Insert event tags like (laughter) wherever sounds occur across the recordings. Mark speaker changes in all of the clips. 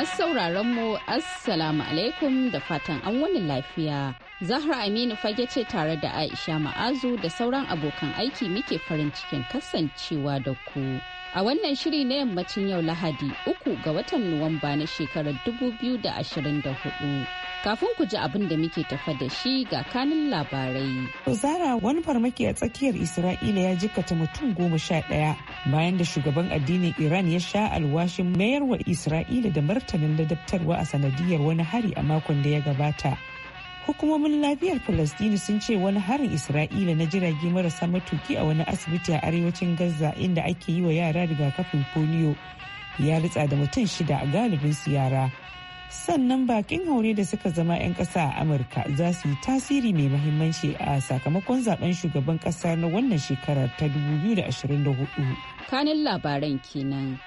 Speaker 1: Masu sauraron mu Assalamu alaikum da fatan an wani lafiya. Zahra Aminu fage ce tare da Aisha Ma'azu da sauran abokan aiki muke farin cikin kasancewa da ku. A wannan shiri na yammacin yau Lahadi uku ga watan Nuwamba na shekarar 2024. Kafin ku ji abin da muke tafa da shi ga kanin labarai. Zara wani
Speaker 2: farmaki a tsakiyar Isra'ila ya jikkata mutum goma sha ɗaya bayan da shugaban addinin Iran ya sha alwashin mayarwa Isra'ila da martanin ladabtarwa a sanadiyar wani hari a makon da ya gabata. hukumomin lafiyar falastini sun ce wani harin isra'ila na jirage marasa matuki a wani asibiti a arewacin gaza inda ake yi wa yara rigakafin polio ya ritsa da mutum shida a galibin su yara sannan bakin haure da suka zama 'yan ƙasa a amurka za su yi tasiri mai mahimmanci a sakamakon zaben shugaban ƙasa na wannan shekarar ta 2024
Speaker 1: kanin labaran kenan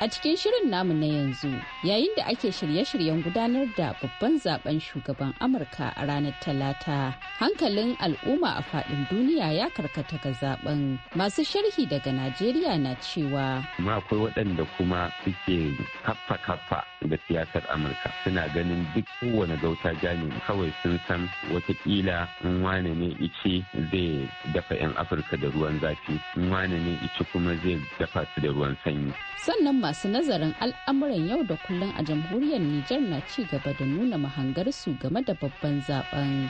Speaker 1: A cikin shirin namu na yanzu yayin da ake shirye-shiryen gudanar da babban zaben shugaban Amurka a ranar Talata, hankalin al'umma a fadin duniya ya karkata ga zaben. Masu sharhi daga Najeriya na cewa.
Speaker 3: Ma akwai waɗanda kuma suke kaffa-kaffa da siyasar Amurka suna ganin duk kowane gauta jani kawai sun san watakila in wane ne ice zai dafa 'yan Afirka da ruwan zafi, in wane ne ice kuma zai dafa su da ruwan sanyi.
Speaker 1: Sannan masu nazarin al'amuran yau da kullum a jamhuriyar Nijar na ci gaba da nuna mahangarsu game da babban zaben.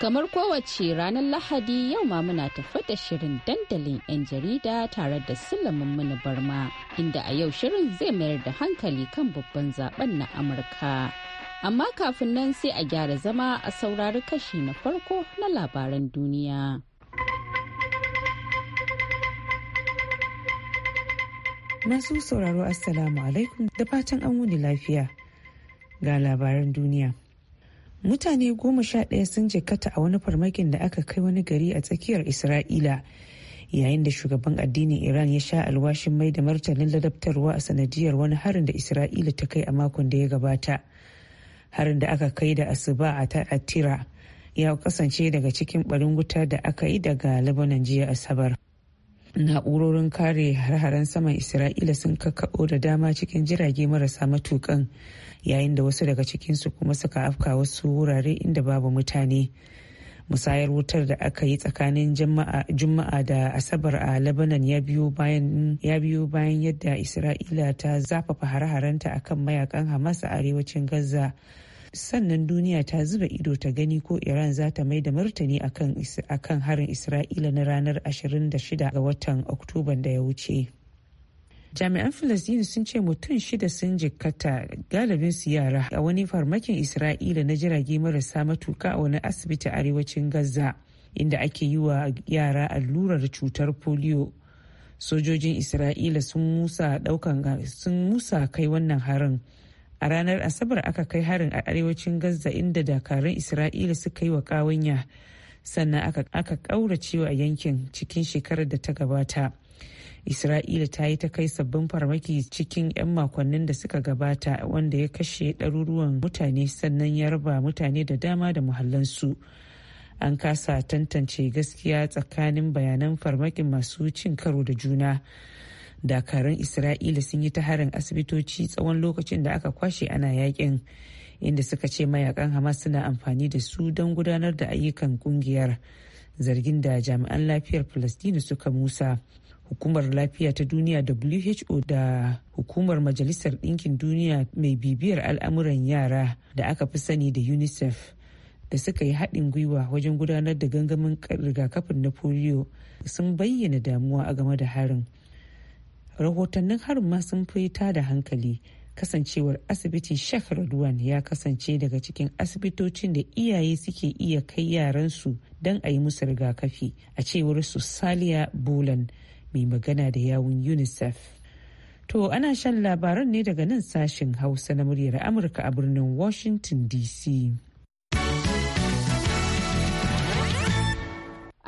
Speaker 1: Kamar kowace ranar Lahadi yau ma muna tafi da shirin dandalin 'yan jarida tare da Sulaiman Mini Barma, inda a yau shirin zai mayar da hankali kan babban zaben na Amurka. Amma kafin nan sai a gyara zama a saurari kashi na farko na labaran duniya.
Speaker 2: Masu sauraro Assalamu alaikum da fatan an wuni lafiya ga labaran duniya. Mutane goma sha ɗaya sun jikata a wani farmakin da aka kai wani gari a tsakiyar Isra'ila yayin da shugaban addinin Iran ya sha alwashin mai da martanin ladabtarwa a sanadiyar wani harin da Isra'ila ta kai a makon da ya gabata. Harin da aka kai da asuba a tira ya kasance daga cikin barin wuta da aka yi daga Lebanon jiya Asabar. na'urorin kare har-haren saman isra'ila sun kakkaɓo da dama cikin jirage marasa matukan yayin da wasu daga cikinsu kuma suka afka wasu wurare inda babu mutane musayar wutar da aka yi tsakanin juma'a da asabar a labanan ya biyo bayan yadda isra'ila ta zafafa har ta akan mayakan hamas a arewacin gaza sannan duniya ta zuba ido ta gani ko iran za ta mai da martani a kan harin isra'ila na ranar 26 ga watan oktoba da ya wuce jami'an filistini sun ce mutum shida sun jikkata galibin su yara a wani farmakin isra'ila na jirage marasa matuka a wani asibiti arewacin gaza inda ake yi wa yara allurar cutar polio sojojin isra'ila sun musa kai wannan harin a ranar asabar aka kai harin a arewacin gaza inda dakarun isra'ila suka yi wa kawanya sannan aka cewa a yankin cikin shekarar da ta gabata isra'ila ta yi ta kai sabbin farmaki cikin 'yan makonnin da suka gabata wanda ya kashe ɗaruruwan mutane sannan ya raba mutane da dama da muhallansu an kasa tantance gaskiya tsakanin bayanan farmakin masu cin karo da juna dakaran isra'ila sun yi ta harin asibitoci tsawon lokacin da aka kwashe ana yakin inda suka ce mayakan hamas suna amfani da su don gudanar da ayyukan kungiyar zargin da jami'an lafiyar palestina suka musa hukumar lafiya ta duniya who da hukumar majalisar ɗinkin duniya mai bibiyar al'amuran yara da aka fi sani da unicef da suka yi haɗin gwiwa wajen gudanar da gangamin rigakafin na polio sun bayyana damuwa a game da harin rahotannin harin ma sun fita da hankali kasancewar asibiti shakar raduwan ya kasance daga cikin asibitocin da iyaye suke iya kai yaransu don a yi musu rigakafi a cewar su saliya bolan mai magana da yawun unicef to ana shan labaran ne daga nan sashen hausa na muryar amurka a birnin washington dc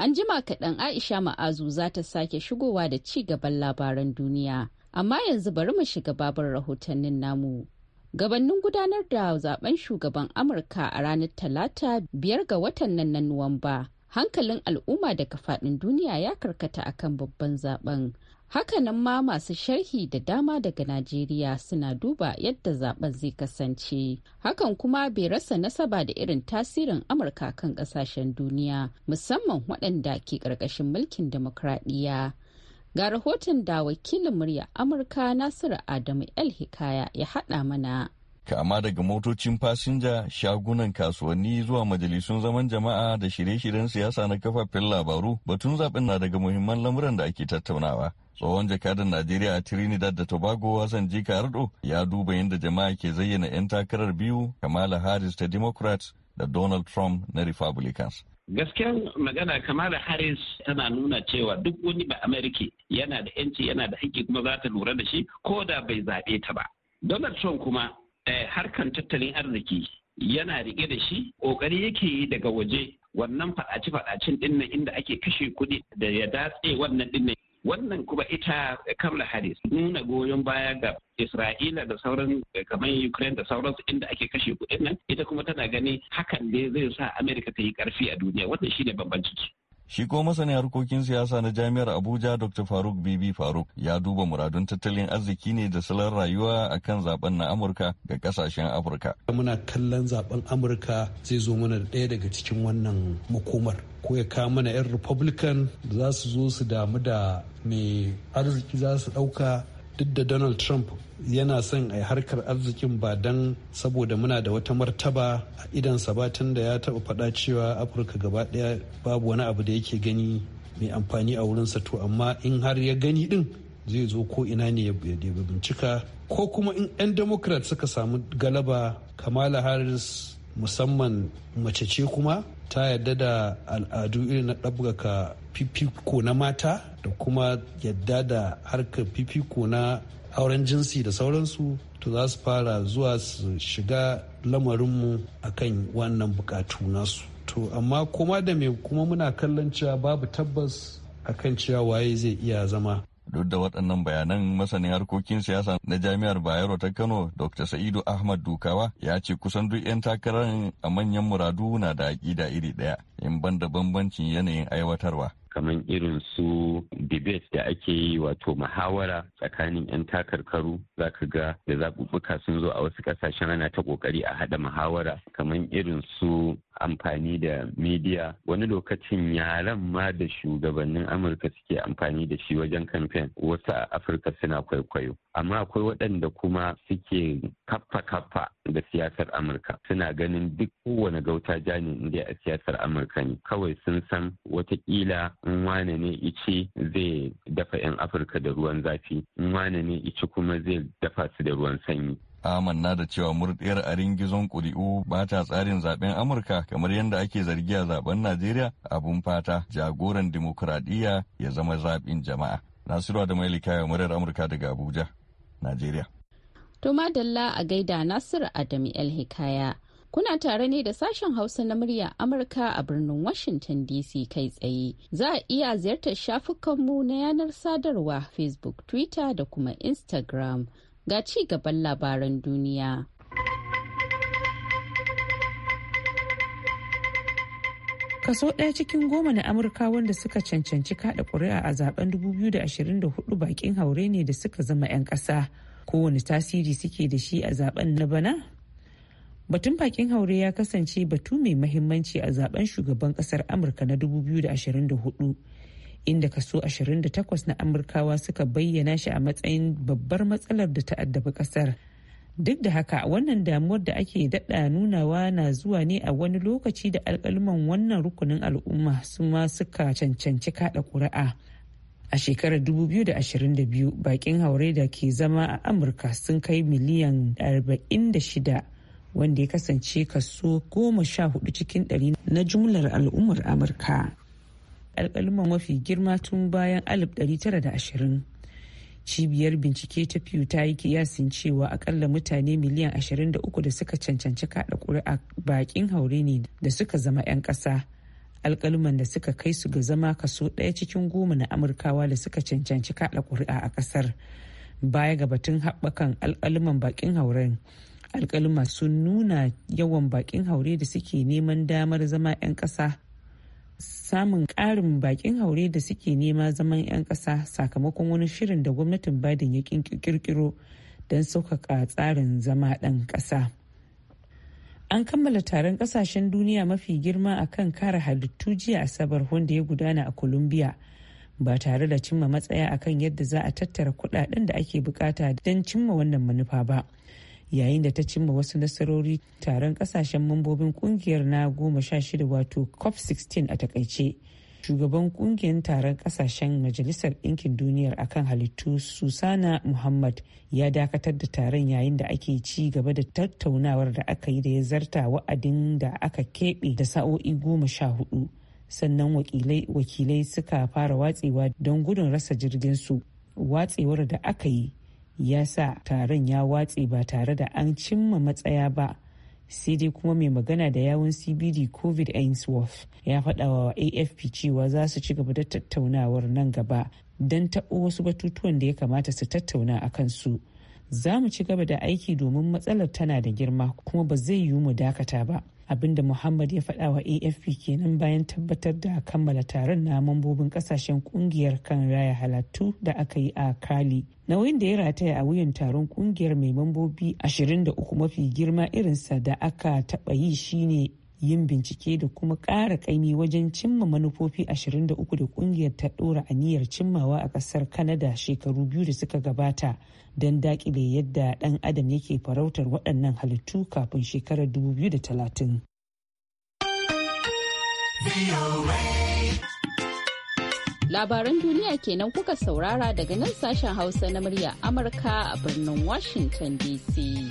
Speaker 1: An jima kaɗan Aisha Ma'azu za ta sake shigowa da ci gaban labaran duniya. Amma yanzu bari mu shiga babar rahotannin namu. Gabannin gudanar da zaben shugaban Amurka a ranar Talata biyar ga watan nan na Nuwamba. hankalin al'umma daga faɗin duniya ya karkata akan babban zaben hakanan ma masu sharhi da dama daga najeriya suna duba yadda zaben zai kasance hakan kuma bai rasa nasaba da irin tasirin amurka kan kasashen duniya musamman waɗanda ke ƙarƙashin mulkin demokradiyya ga rahoton da wakilin murya amurka nasiru adamu el hikaya ya haɗa mana
Speaker 4: kama daga motocin fasinja shagunan kasuwanni zuwa majalisun zaman jama'a da shirye-shiryen siyasa na kafafen labaru batun zaɓen na daga muhimman lamuran da ake tattaunawa tsohon jakadan najeriya a trinidad da tobago wasan jika ardo ya duba yadda jama'a ke zayyana 'yan takarar biyu kamala harris ta democrats da donald trump na republicans
Speaker 3: gaskiyar magana kamala harris tana nuna cewa duk wani ba amerika yana da yanci yana da haƙƙi kuma za ta lura da shi ko da bai zaɓe ta ba donald trump kuma Eh, harkan tattalin arziki yana rike da shi ƙoƙari yake yi daga waje wannan faɗace-faɗacen ɗinnan inda ake kashe kuɗi da ya datse wannan ɗinnan wannan kuma ita eh, kamala harris nuna goyon baya ga isra'ila da sauran eh, kamar ukraine da sauransu inda ake kashe kuɗin nan ita kuma tana ganin hakan ne zai sa amerika ta yi ƙarfi a duniya wannan shine bambanci
Speaker 4: Shi ko masanin harkokin siyasa na jami'ar Abuja Dr. Faruk Bibi Faruk ya duba muradun tattalin arziki ne da salon rayuwa a kan zaben na Amurka ga kasashen Afirka.
Speaker 5: Muna kallon zaben Amurka zai zo mana ɗaya daga cikin wannan makomar. Ko ya kawo mana 'yan Republican za su zo su damu da mai arziki za su ɗauka duk da Donald Trump yana son a harkar arzikin ba don saboda muna da wata martaba a idan sabatin da ya taba faɗa cewa afirka gaba ɗaya babu wani abu da yake gani mai amfani a wurinsa to amma in har ya gani ɗin zai zo ko ina ne ya bincika ko kuma in 'yan democrat suka samu galaba kamala harris musamman mace ce kuma ta yadda da al'adu irin na ɗabgaka fifiko na mata da kuma yadda da harkar fifiko na auren jinsi da sauransu to za su fara zuwa su shiga lamarinmu a kan wannan bukatu nasu to amma kuma da me kuma muna kallon cewa babu tabbas a kan cewa waye zai iya zama
Speaker 4: duk da waɗannan bayanan masanin harkokin siyasa na jami'ar bayero ta kano dr sa'idu ahmad dukawa ya ce kusan duk 'yan takarar a manyan muradu na da aƙida iri ɗaya in ban da bambancin yanayin aiwatarwa kamar irin su debate da ake yi wato muhawara tsakanin 'yan
Speaker 3: takarkaru za ka ga da zaɓuɓɓuka sun zo a wasu ƙasashen ana ta ƙoƙari a haɗa muhawara kamar irin su amfani da media wani lokacin yaren ma da shugabannin amurka suke amfani da shi wajen kamfen wasu a afirka suna kwaikwayo amma akwai waɗanda kuma suke kaffa kaffa da siyasar amurka suna ganin duk kowane gauta jani inda a siyasar amurka ne kawai sun san watakila in wane ne ice zai dafa 'yan afirka da ruwan zafi in wane ne ice kuma zai dafa su da ruwan sanyi
Speaker 4: amanna da cewa murɗiyar a ringizon ƙuri'u ba ta tsarin zaben amurka kamar yadda ake zargi a zaben najeriya abun fata jagoran dimokuraɗiyya ya zama zaɓin jama'a nasiru da mailika ya murar amurka daga abuja najeriya
Speaker 1: to madalla a gaida nasiru adamu el hikaya kuna tare ne da sashen hausa na murya amurka a birnin washington dc kai tsaye za a iya ziyartar shafukanmu na yanar sadarwa facebook twitter da kuma instagram ga ci gaban labaran duniya.
Speaker 2: Kaso ɗaya cikin goma na Amurka wanda suka cancanci kada ƙuri'a a zaben 2024 bakin haure ne da suka zama 'yan ƙasa. Kowane tasiri suke da shi a zaben na bana? Batun bakin haure ya kasance batu mai mahimmanci a zaben shugaban ƙasar Amurka na 2024. inda kaso 28 na amurkawa suka bayyana shi a matsayin babbar matsalar da ta addabi kasar duk da haka wannan damuwar da ake daɗa nunawa na zuwa ne a wani lokaci da alƙaluman wannan rukunin al'umma su ma suka cancanci kaɗa ƙuri'a a shekarar 2022 bakin haure da ke zama a amurka sun kai miliyan 46 wanda ya kasance kaso 14 cikin 100 na jumlar al'ummar amurka alkaluma mafi girma tun bayan 1920 cibiyar bincike ta pew ta yi kiyasin cewa akalla mutane miliyan 23 da suka cancanci kada kuri'a bakin haure ne da suka zama 'yan ƙasa alkaluman da suka kai su ga zama kaso ɗaya cikin goma na amurkawa da suka cancanci kada kuri'a a ƙasar baya ga batun haɓakan alkaluman bakin hauren alkaluma sun nuna yawan bakin haure da suke neman damar zama 'yan ƙasa samun ƙarin bakin haure da suke nema zaman 'yan ƙasa sakamakon wani shirin da gwamnatin Biden ya kirkiro don sauƙaƙa tsarin zama ɗan ƙasa. An kammala taron ƙasashen duniya mafi girma a kan kare halittu jiya Asabar wanda ya gudana a columbia ba tare da cimma matsaya akan yadda za a tattara kuɗaɗen da ake bukata don cimma wannan manufa ba. yayin da ta cimma wasu nasarori taron kasashen mambobin kungiyar na goma sha shida wato cop 16 a takaice shugaban kungiyar taron kasashen majalisar ɗinkin duniyar akan halittu susana muhammad ya dakatar da taron yayin da ake ci gaba da tattaunawar da aka yi da ya zarta wa'adin da aka keɓe da sa'o'i goma sha hudu sannan wakilai suka fara watsewa don gudun rasa jirgin su watsewar da aka yi ya sa taron ya watse ba tare da an cimma matsaya ba sai dai kuma mai magana da yawun cbd covid ainsworth ya faɗa wa afp cewa za su ci gaba da tattaunawar nan gaba don taɓo wasu batutuwan da ya kamata su tattauna a kansu za mu ci gaba da aiki domin matsalar tana da girma kuma ba zai yiwu mu dakata ba abinda muhammad ya faɗa wa afp kenan bayan tabbatar da kammala taron na mambobin kasashen kungiyar kan raya halattu da aka yi a kali nauyin da ya rataya a wuyan taron kungiyar mai mambobi 23 mafi girma irinsa da aka taɓa yi shine yin bincike da kuma ƙara ƙaimi wajen cimma manufofi 23 da ƙungiyar ta ɗora aniyar cimmawa a ƙasar Kanada shekaru biyu da suka gabata don daƙile yadda ɗan adam yake farautar waɗannan halittu kafin shekarar 2030.
Speaker 1: Labaran duniya kenan kuka saurara daga nan sashen Hausa na murya Amurka a birnin Washington DC.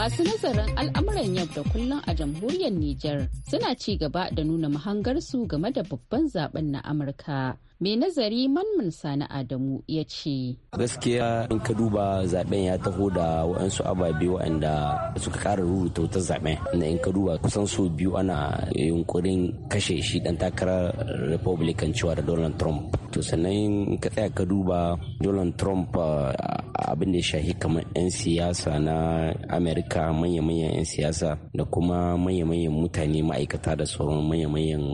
Speaker 1: masu nazarin al'amuran yau da kullum a jamhuriyar Nijar suna ci gaba da nuna mahangarsu game da babban zaben na Amurka. mai nazari manman sani adamu ya ce
Speaker 6: gaskiya in ka duba zaben ya taho da wa'ansu ababe wa'anda suka kara rubuta wutar zaben na in ka duba kusan so biyu ana yunkurin kashe shi dan takarar republican cewa da donald trump to sannan in ka tsaya ka duba donald trump abin da ya shahi kamar 'yan siyasa na amerika manya-manyan 'yan siyasa da kuma manya-manyan mutane ma'aikata da sauran manya-manyan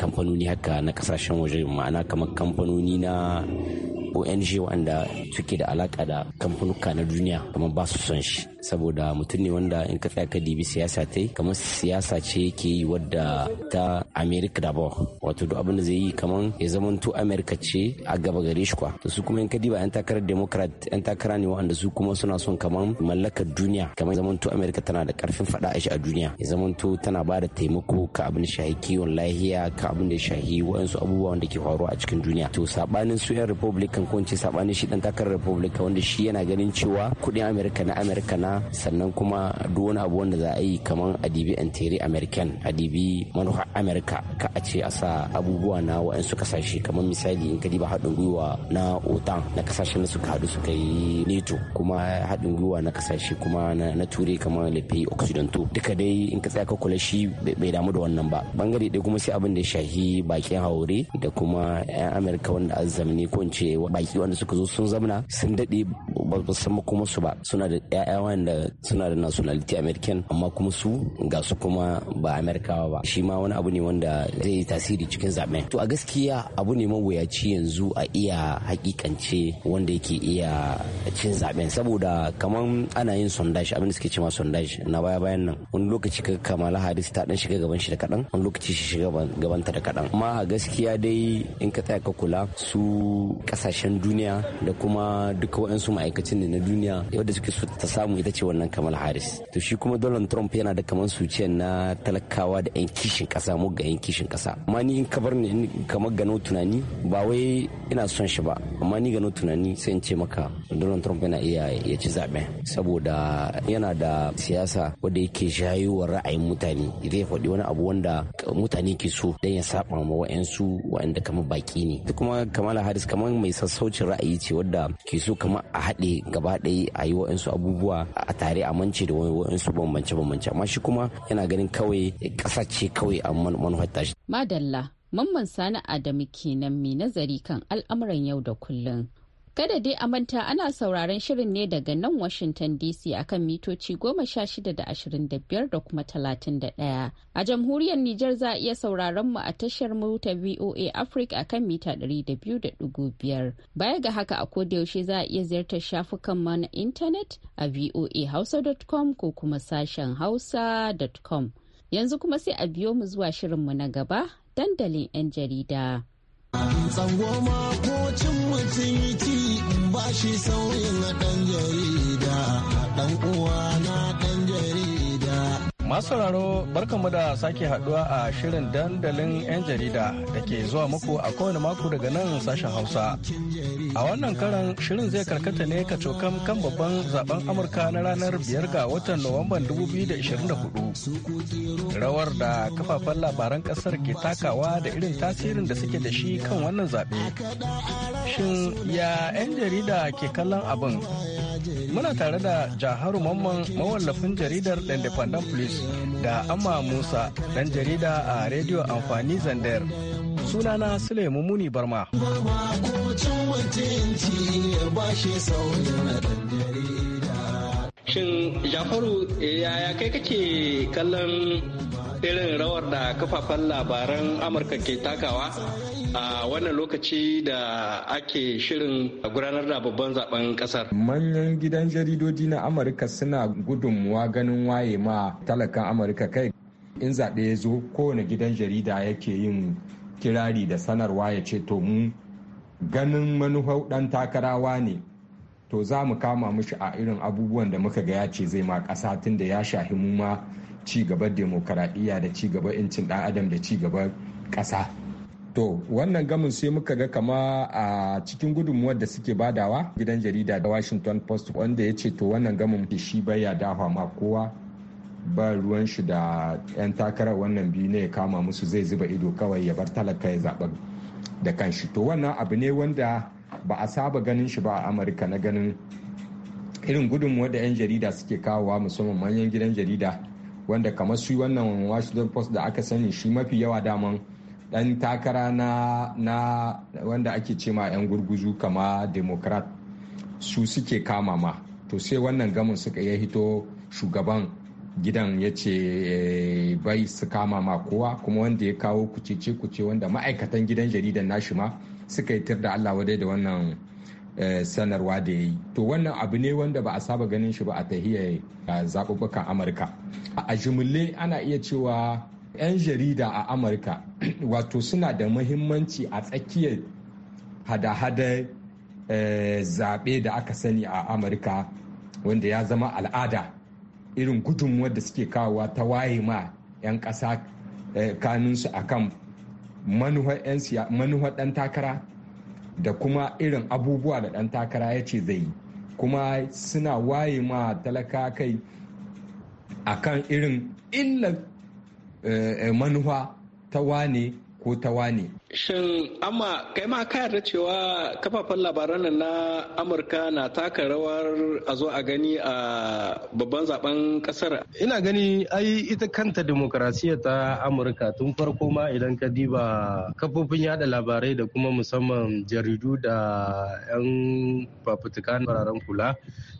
Speaker 6: kamfanoni haka na kasashen waje ma'ana kamar kamar kamfanoni na ong wanda suke da alaƙa da kamfanuka na duniya kamar ba su son shi saboda mutum ne wanda in ka tsaya ka dibi siyasa ta kamar siyasa ce ke yi wadda ta america da ba wato duk abin da zai yi kamar ya zamanto america ce a gaba gare shi kwa to su kuma in ka diba yan takarar democrat yan takara ne wanda su kuma suna son kamar mallakar duniya kamar zamanto america tana da karfin fada a shi a duniya ya zamanto tana ba da taimako ka abin shahi kiwon lahiya ka abin da shahi waɗansu abubuwan da ke faruwa a cikin duniya to sabanin su yan republican ko in ce sabanin shi dan takarar republican wanda shi yana ganin cewa kuɗin america na america na sannan kuma duk wani abu wanda za a yi kamar adibi interi american adibi manufa america ka a ce a sa abubuwa na su kasashe kamar misali in ka diba haɗin gwiwa na otan na kasashen da suka haɗu suka yi neto kuma haɗin gwiwa na kasashe kuma na turai kamar lefe occidental duka dai in ka tsaya ka kula shi bai damu da wannan ba bangare ɗaya kuma sai abin da shahi bakin haure da kuma 'yan amerika wanda azzam ko in ce baki wanda suka zo sun zamna sun daɗe ba san kuma su ba suna da ƴaƴa wanda suna da nationality american amma kuma su ga su kuma ba amerikawa ba shi ma wani abu ne wanda zai yi tasiri cikin zaben to a gaskiya abu ne mawuyaci yanzu a iya hakikance wanda yake iya cin zaben saboda kamar ana yin sondage abin da suke cewa sondage na baya bayan nan wani lokaci ka kamala haris ta dan shiga gaban shi da kadan wani lokaci shi shiga gabanta da kaɗan. amma a gaskiya dai in ka tsaya ka kula su kasashen duniya da kuma duka wa'ansu ma'aikata lokacin ne na duniya wadda suke so ta samu ita ce wannan kamal haris to shi kuma donald trump yana da kamar suciyar na talakawa da yan kishin kasa mu ga yan kishin kasa amma ni in kabar ne kamar gano tunani ba wai ina son shi ba amma ni gano tunani sai in ce maka donald trump yana iya ya ci zaɓe saboda yana da siyasa wadda yake jayo ra'ayin mutane zai faɗi wani abu wanda mutane ke so dan ya saba ma wa'yansu wa'anda kamar baki ne kuma kamala haris kamar mai sassaucin ra'ayi ce wadda ke so kamar a haɗe gaba ɗaya a yi wa'insu abubuwa a tare a mance da wa'insu bambance bambance amma shi kuma yana ganin kawai ƙasa ce kawai a manufar tashi.
Speaker 1: Madalla Mamman Sani Adamu nan mai nazari kan al'amuran yau da kullum. Kada dai a manta ana sauraron shirin ne daga nan Washington DC akan mitoci goma sha shida da ashirin da biyar da kuma talatin da ɗaya. A jamhuriyar Nijar za a iya sauraron mu a tashar mota VOA Africa akan mita ɗari da biyu da ɗigo biyar. Baya ga haka a yaushe za a iya ziyartar shafukan mu na intanet a voahausa.com ko kuma sashen hausa.com. Yanzu kuma sai a biyo mu zuwa shirin mu na gaba dandalin 'yan jarida. tsangwama
Speaker 7: ko cin mutum ba shi sauyin ɗan jarida
Speaker 8: ɗan uwa Masu sauraro barkanmu da sake haduwa a shirin dandalin 'yan jarida da ke zuwa muku a kowane mako daga nan sashen Hausa. A wannan karan shirin zai karkata ne ka cokan kan babban zaben Amurka na ranar biyar ga watan Nuwamban 2024. Rawar da kafafen labaran kasar ke takawa da irin tasirin da suke da shi kan wannan zaɓe. Shin ya 'yan jarida ke kallon abin muna tare da jaharu mamman mawallafin jaridar independent police da amma musa dan jarida a rediyo amfani zandar sunana sulaimu muni barma shin jafaru yaya kai kake kallon irin rawar da kafafen labaran amurka ke takawa a wannan lokaci da ake shirin gudanar da babban zaben kasar.
Speaker 9: Manyan gidan jaridodi na Amurka suna gudunmuwa ganin waye ma talakan Amurka kai in zaɓe ya zo kowane gidan jarida yake yin kirari da sanarwa ya ce to mu ganin manufar ɗan takarawa ne to za mu kama mushi a irin abubuwan da muka ga ya ce zai ma ƙasa tun da ya shahi mu ma ci demokaradiyya da ci incin 'yancin ɗan adam da ci gaban ƙasa to wannan gamin sai muka ga kama a cikin gudunmuwar da suke badawa gidan jarida da washington post wanda ya ce to wannan gamin shi baya dafa ma kowa ba ruwan shi da 'yan takarar wannan biyu ne ya kama musu zai zuba ido kawai ya bar talaka ya zaɓa da kanshi to wannan abu ne wanda ba a saba ganin shi ba a amurka na ganin irin gudunmuwar da 'yan jarida suke kawowa musamman manyan gidan jarida wanda kamar su wannan washington post da aka sani shi mafi yawa daman dan takara na, na wanda ake ce ma 'yan gurguzu kama democrat su suke kama ma to sai wannan gamin suka ya hito shugaban gidan ya ce eh, bai su kama ma kowa kuma wanda ya kawo kucece kuce wanda ma'aikatan gidan jaridan nashi ma suka yi tir da allah wadai da wannan eh, sanarwa da ya yi to wannan abu ne wanda ba a saba ganin shi ba a tahiyar eh, zaɓuɓɓukan amurka a jimille ana iya cewa 'yan jarida a amurka (clears throat) wato suna da muhimmanci a tsakiyar hada-hada eh, zaɓe da aka sani a amurka wanda ya zama al'ada irin gudunmuwar da suke kawowa ta waye ma 'yan ƙasa eh, kanunsu a kan manuwar ɗan takara da kuma irin abubuwa da ɗan takara ya ce zai kuma suna waye ma talaka kai a kan irin illar Eh, eh, manufa ta wane ko ta wane
Speaker 8: Shin amma kai ma ka yarda cewa kafafen labaran na Amurka na taka rawar a zo a gani a babban zaben kasar?
Speaker 7: Ina gani ai ita kanta demokarasiyya ta Amurka tun farko ma idan ka diba kafofin yada labarai da kuma musamman jaridu da 'yan fafutuka fararen kula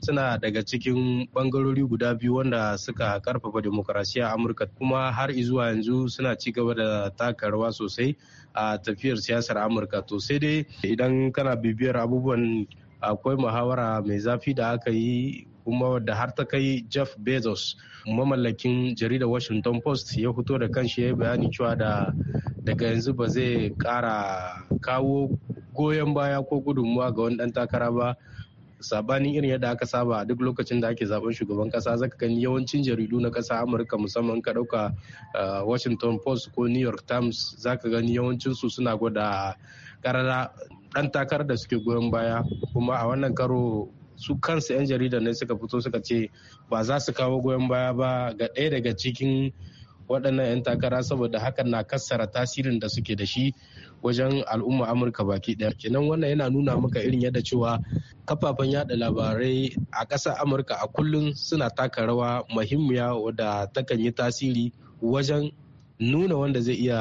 Speaker 7: suna daga cikin bangarori guda biyu wanda suka karfafa a Amurka kuma har zuwa yanzu suna ci gaba da taka rawa sosai. a tafiyar siyasar amurka to sai dai idan kana bibiyar abubuwan akwai muhawara mai zafi da aka yi kuma da har ta kai jeff bezos mamallakin jaridar washington post ya fito da kanshi ya yi bayani cewa da daga yanzu ba zai kara kawo goyon baya ko gudunmuwa ga wani dan takara ba sabanin irin yadda aka saba a duk lokacin da ake zaben shugaban kasa zaka gani yawancin jaridu na kasa amurka musamman ka dauka uh, washington post ko new york times zaka gani yawancin su suna gwada karara dan takarar da suke goyon baya kuma a wannan karo su kansu 'yan jarida ne suka fito suka ce ba za su kawo goyon baya ba ga ɗaya daga cikin waɗannan 'yan takara saboda hakan na kassara tasirin da suke da shi wajen al'umma amurka baki ɗaya kenan wannan yana nuna maka irin yadda cewa kafafen yada labarai a ƙasar amurka a kullum suna taka rawa muhimmiya wadda takan yi tasiri wajen nuna wanda zai iya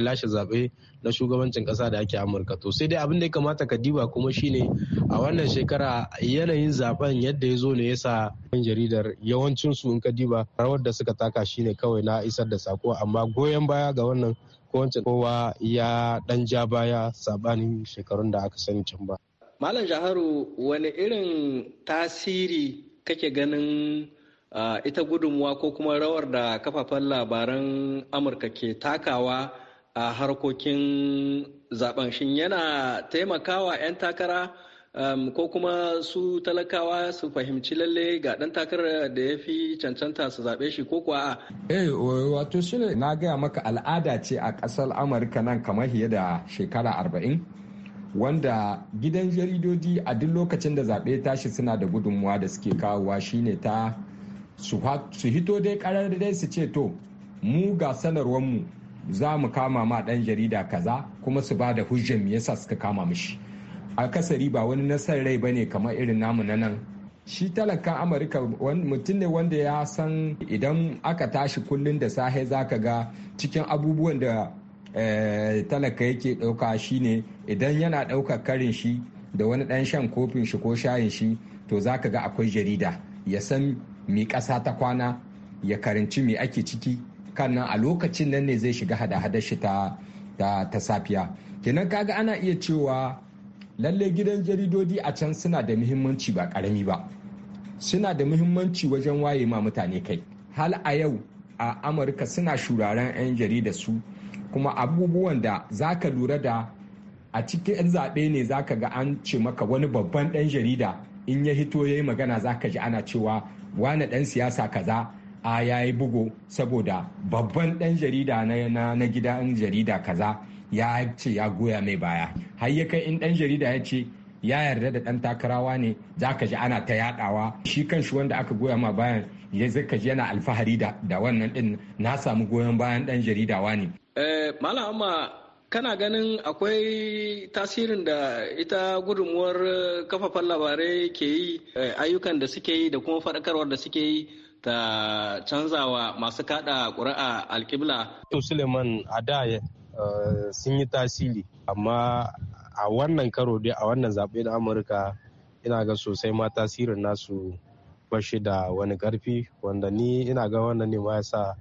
Speaker 7: lashe zaɓe na shugabancin kasa da ake amurka to sai dai abin da ya kamata ka diba kuma shine a wannan shekara yanayin zaben yadda ya zo ne ya sa yan jaridar yawancin su in ka diba rawar da suka taka shine kawai na isar da sako amma goyon baya ga wannan kowace kowa ya dan ja baya sabanin shekarun da aka sani can ba
Speaker 8: malam jaharu wani irin tasiri kake ganin ah, ita gudunmuwa ko kuma rawar da kafafen labaran amurka ke takawa a harkokin zaben shin yana taimakawa 'yan takara um, ko kuma su talakawa su fahimci lalle ga ɗan takarar da ya fi cancanta su zaɓe shi ko kuwa a.
Speaker 9: Eh, wato shi ne na gaya maka al'ada ce a ƙasar Amurka nan kamar fiye da shekara arba'in. Wanda gidan jaridodi a duk lokacin da zaɓe tashi suna da gudunmuwa da suke kawowa shine ta su hito dai karar dai su ce to mu ga sanarwar mu za mu kama ma ɗan jarida kaza kuma su ba da hujjar me yasa suka kama mishi akasari ba wani nasar rai bane kamar irin namu na nan shi talakan amurka mutum ne wanda ya san idan aka tashi kullum da sahe zaka ga cikin abubuwan da eh, talaka yake ɗauka shine idan yana ɗaukar karin shi da wani ɗan shan kofin shi ko shayin shi to zaka ga akwai jarida ya san me ƙasa ta kwana ya karanci me ake ciki kan nan a lokacin nan ne zai shiga hada-hadar shi ta ta safiya kenan kaga ana iya cewa lalle gidan jaridodi a can suna da muhimmanci ba karami ba suna da muhimmanci wajen waye ma mutane kai hal a yau a amurka suna shuraren 'yan jarida su kuma abubuwan da za ka lura da a cikin 'yan zaɓe ne za ka ga an ce maka wani babban ɗan jarida in ya hito ya yi magana za ka ji ana cewa wane ɗan siyasa kaza a ya yi bugo saboda babban ɗan jarida na gida ɗan jarida kaza ya ce ya goya mai baya har ya kai in ɗan jarida ya ce ya yarda da ɗan takarawa ne za ka ji ana ta yaɗawa shi kan shi wanda aka goya ma bayan ya ka ji yana alfahari da wannan ɗin na samu goyon bayan ɗan jaridawa ne.
Speaker 8: Eh, malam kana ganin akwai tasirin da ita gudunmuwar eh, kafafen labarai ke yi eh, ayyukan da suke yi da kuma faɗakarwar da suke yi ta canzawa masu kada ƙuri'a alƙibla.
Speaker 7: Suleiman a da eh, sun yi tasiri amma a wannan karo dai a wannan zaɓe na Amurka ina ga sosai ma tasirin nasu bashi da wani ƙarfi wanda ni ina ga wannan ne ma yasa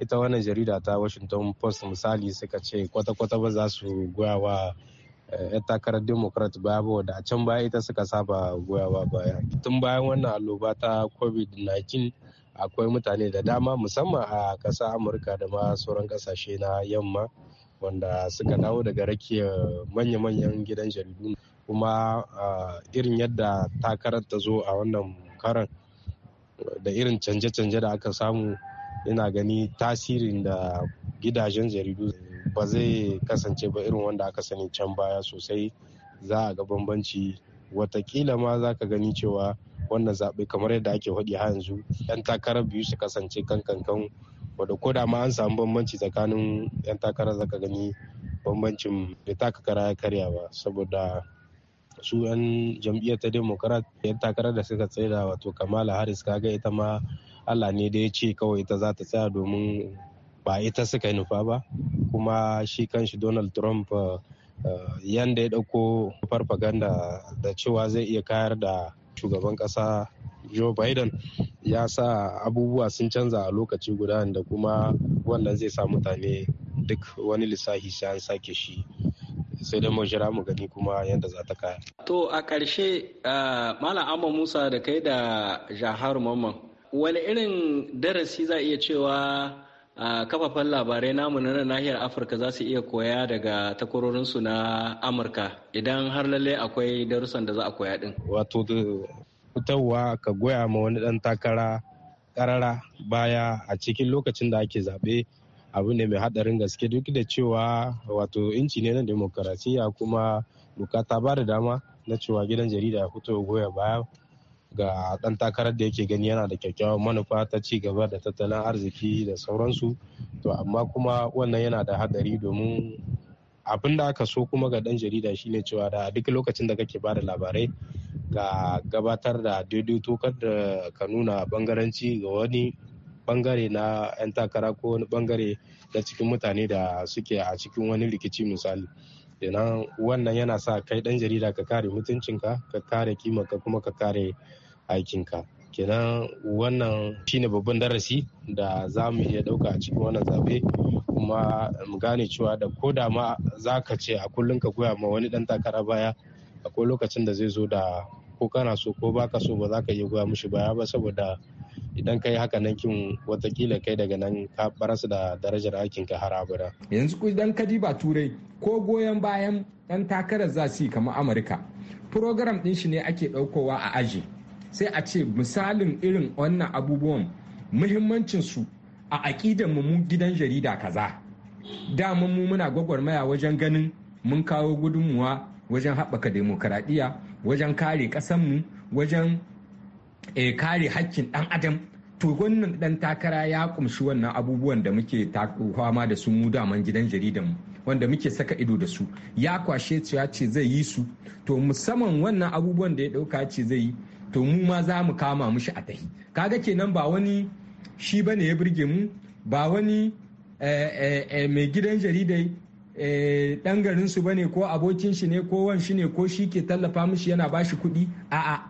Speaker 7: ita wannan jarida ta Washington Post misali suka ce kwata-kwata ba za su goya wa 'yan eh, takarar democrat baya ba da a can baya ita suka saba goyawa baya tun bayan wannan alloba ta covid-19 akwai mutane da dama musamman a ƙasa amurka da ma sauran ƙasashe na yamma wanda suka dawo daga rake manya-manyan gidan jaridu kuma irin yadda takarar ta zo a wannan karan da irin canje-canje da aka samu ina gani tasirin da gidajen jaridu ba zai kasance ba irin wanda aka sani can baya sosai za a ga bambanci watakila ma za ka gani cewa wannan zaɓe kamar yadda ake faɗi har yanzu yan takarar biyu su kasance kan kankan wadda ko da ma an samu bambanci tsakanin yan takarar zaka gani bambancin bai taka kara ya karya ba saboda su 'yan jam'iyyar ta democrat 'yan takarar da suka da wato kamala harris kaga ita ma allah ne da ya ce kawai ita za ta tsaya domin ba ita suka yi nufa ba kuma shi kanshi donald trump eh, yanda ya ɗauko farfaganda da cewa zai iya kayar da shugaban ƙasa Joe Biden ya sa abubuwa sun canza a lokaci guda da kuma wannan zai sa mutane duk wani lissafi sai an sake shi sai dai mu jira mu gani kuma yadda za ta kaya.
Speaker 8: To a ƙarshe Malam Amma Musa da kai da Jahar Mamman wani irin darasi za iya cewa a kafafen labarai namu na nahiyar afirka za su iya koya daga takwarorinsu na amurka idan har lalle akwai darussan da za a koya din
Speaker 7: wato fitarwa ka goya ma wani dan takara karara baya a cikin lokacin da ake zaɓe abu ne mai haɗarin gaske duk da cewa wato inci ne na demokarasiya kuma bukata ta ba da dama na cewa gidan jarida ya fito goya baya ga ɗan takarar da yake gani yana da kyakkyawan manufa ta ci gaba da tattalin arziki da sauransu to amma kuma wannan yana da hadari domin abin da aka so kuma ga ɗan jarida shine cewa da duk lokacin da kake bada labarai ga gabatar da daidaito kar da ka nuna bangaranci ga wani bangare na 'yan takara ko wani bangare na cikin mutane da suke a cikin wani rikici misali kenan wannan yana sa kai ɗan jarida ka kare mutuncinka ka kare ka kuma ka kare aikinka kenan wannan shine babban darasi da za mu iya dauka a cikin wannan zabe kuma mu gane cewa da ko da ma za ka ce a kullum ka goya ma wani ɗan takara baya akwai lokacin da zai zo da ko kana so ko baka so ba za ka iya goya mishi baya ba saboda idan kai haka nan kin watakila kai daga nan ka barasu da darajar aikin ka har abada
Speaker 9: yanzu ku dan kadiba turai ko goyon bayan dan takarar za su yi kamar amurka program din shi ne ake daukowa a aji sai a ce misalin irin wannan abubuwan muhimmancin su a aƙidar mu gidan jarida kaza dama mu muna gwagwarmaya wajen ganin mun kawo gudunmuwa wajen haɓaka demokaradiyya wajen kare ƙasanmu wajen eh, kare hakkin ɗan adam to wannan dan takara ya kumshi wannan abubuwan da muke fama da su mu daman gidan jaridan mu wanda muke saka ido da su ya kwashe su ya ce zai yi su to musamman wannan abubuwan da ya dauka ce zai yi to mu ma za mu kama mushi a tahi kaga kenan ba wani shi ba ne ya burge mu ba wani eh, eh, eh, mai gidan jarida dan garin su bane ko abokin shi ne ko wan shi ne ko shi ke tallafa mushi yana bashi kuɗi a'a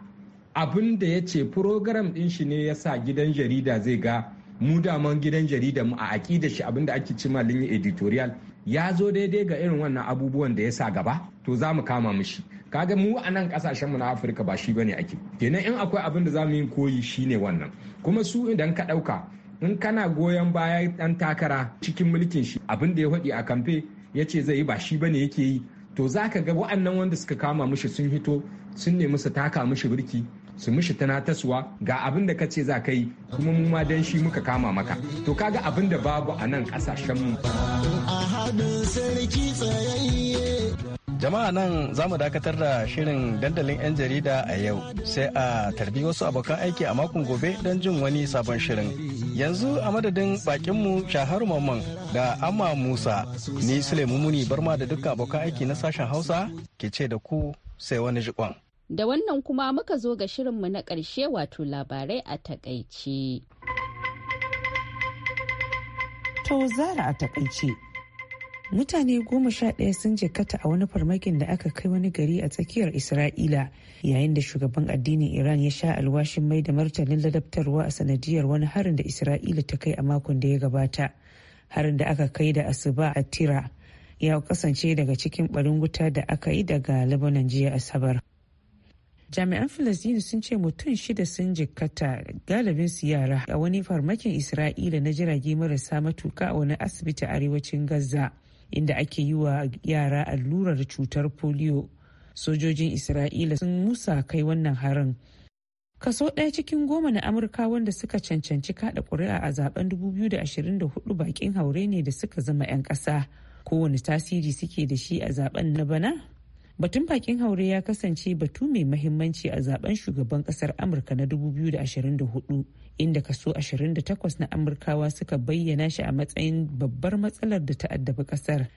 Speaker 9: abin da ya ce program din shi ne ya sa gidan jarida zai ga mu daman gidan jarida mu a aƙida shi abin da ake cima linyi editorial ya zo daidai ga irin wannan abubuwan da ya sa gaba to za mu kama mishi kaga mu a nan kasashenmu na afirka ba shi bane ake kenan in akwai abin da za mu yi koyi shi ne wannan kuma su idan ka ɗauka in kana goyon baya ɗan takara cikin mulkin shi abin da ya faɗi a kamfe ya ce zai yi ba shi bane yake yi to za ka ga wa'annan wanda suka kama mishi sun hito sun nemi su taka mishi birki su mishi tanataswa ga abin da kace za ka yi kuma mu ma dan shi muka kama maka to kaga abin da babu a nan kasashen mu
Speaker 8: jama'a nan za mu dakatar da shirin dandalin 'yan jarida a yau sai a tarbi wasu abokan aiki a makon gobe don jin wani sabon shirin yanzu a madadin bakinmu shahar mamman da amma musa ni sule muni barma da dukkan abokan aiki na sashen hausa ke ce da ku sai wani jikon.
Speaker 1: Da wannan kuma muka zo ga shirinmu na ƙarshe wato labarai a takaice.
Speaker 2: To zara a takaice. Mutane goma sha ɗaya sun jikata a wani farmakin da aka kai wani gari a tsakiyar Isra'ila yayin da shugaban addinin Iran ya sha alwashin mai da martanin ladabtarwa a sanadiyar wani harin da Isra'ila ta kai a makon da ya gabata. Harin da aka kai da asuba a tira ya kasance daga cikin ɓarin wuta da aka yi daga Lebanon jiya Asabar. jami'an filistini sun ce mutum shida sun jikkata galibin su yara a wani farmakin isra'ila na jirage marasa matuka a wani asibiti arewacin gaza inda ake yi wa yara allurar cutar polio sojojin isra'ila sun musa kai wannan harin kaso ɗaya cikin goma na amurka wanda suka cancanci kada ƙuri'a a zaben 2024 bakin haure ne da suka zama 'yan ƙasa kowane tasiri suke da shi a zaben na bana Batun bakin haure ya kasance batu mai mahimmanci a zaben shugaban kasar Amurka na 2024 inda kaso 28 na Amurkawa suka bayyana shi a matsayin babbar matsalar da ta'addabi kasar.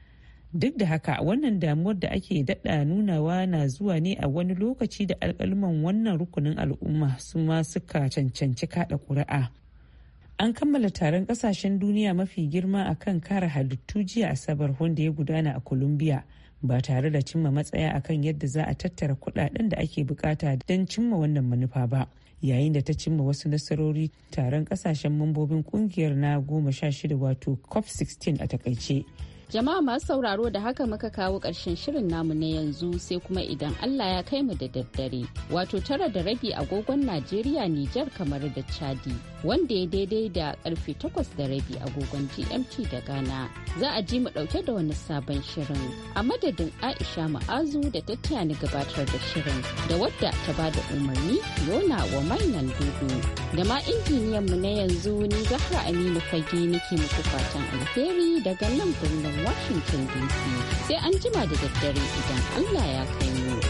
Speaker 2: Duk da haka wannan damuwar da ake daɗa nunawa na zuwa ne a wani lokaci da alƙalman wannan rukunin al'umma su ma suka cancanci kaɗa ƙuri'a. An kammala taron ƙasashen duniya mafi girma akan kan kare halittu jiya Asabar wanda ya gudana a columbia. ba tare da cimma matsaya akan yadda za a tattara kudaden da ake bukata don cimma wannan manufa ba yayin da ta cimma wasu nasarori taron kasashen mambobin kungiyar na goma sha shida wato cop 16 a takaice
Speaker 1: jama'a masu sauraro da haka muka kawo ƙarshen shirin namu na yanzu sai kuma idan allah ya kai mu da daddare wato tara da rabi agogon najeriya nijar kamar da chadi wanda ya daidai da karfe takwas da rabi agogon GMT da Ghana. Za a ji mu dauke da wani sabon shirin a madadin Aisha Ma'azu da ta ni gabatar da shirin da wadda ta ba da umarni Yona wa mainan dudu da ma injiniyan mu na yanzu ni Zahra Aminu Fage nake muku fatan alheri daga nan birnin Washington DC. Sai an jima da daddare idan Allah ya kai mu.